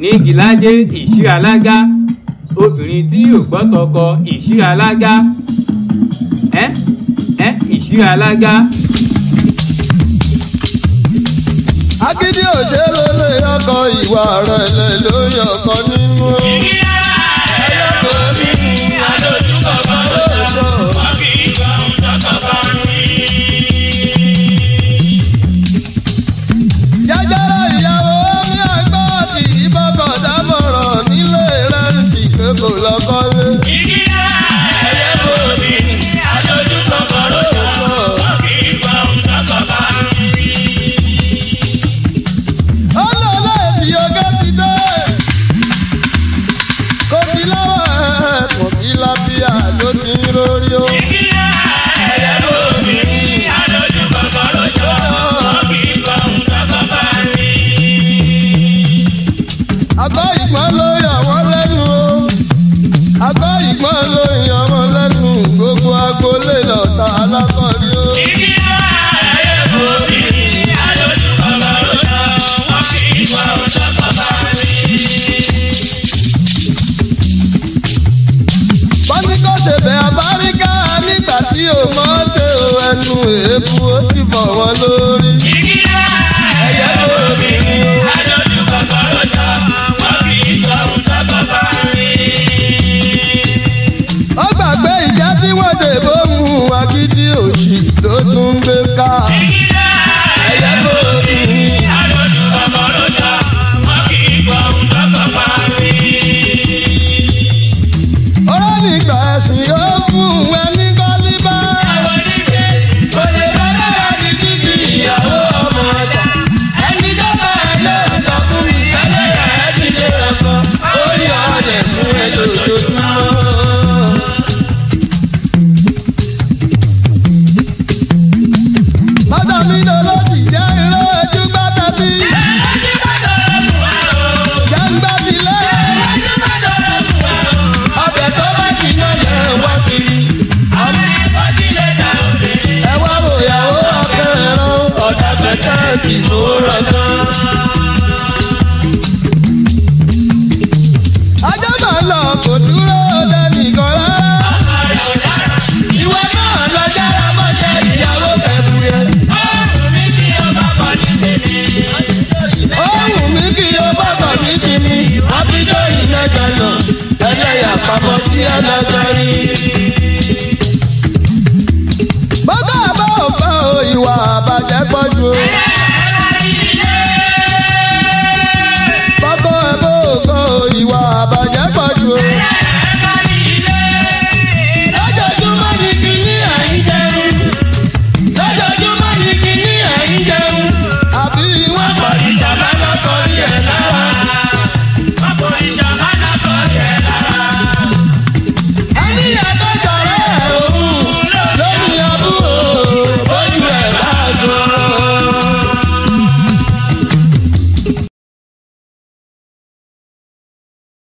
ní gílájé ìṣíralágá obìnrin tí yóò gbọ́ tọkọ ìṣíralágá ẹ ẹ ìṣíralágá. akíndí òṣèré lè ọkọ ìwà rẹ̀ lè lórí ọkọ nínú. kò lọ́kọ́lé. ìdílé ẹ̀yẹ́ bò mí àjọjú kọ̀ọ̀kan ló lọ́kọ̀ kí ìgbà òun tọkọ̀ bá mi. ọlọ́lá èdè ọgá ti dé ṣe bẹ Amẹ́ríkà nígbà tí o mọ̀ tẹ o ẹnu èébú ó ti bọ̀ wọ́n lórí. sì ló rọgbọ. jẹ́ pọ̀jù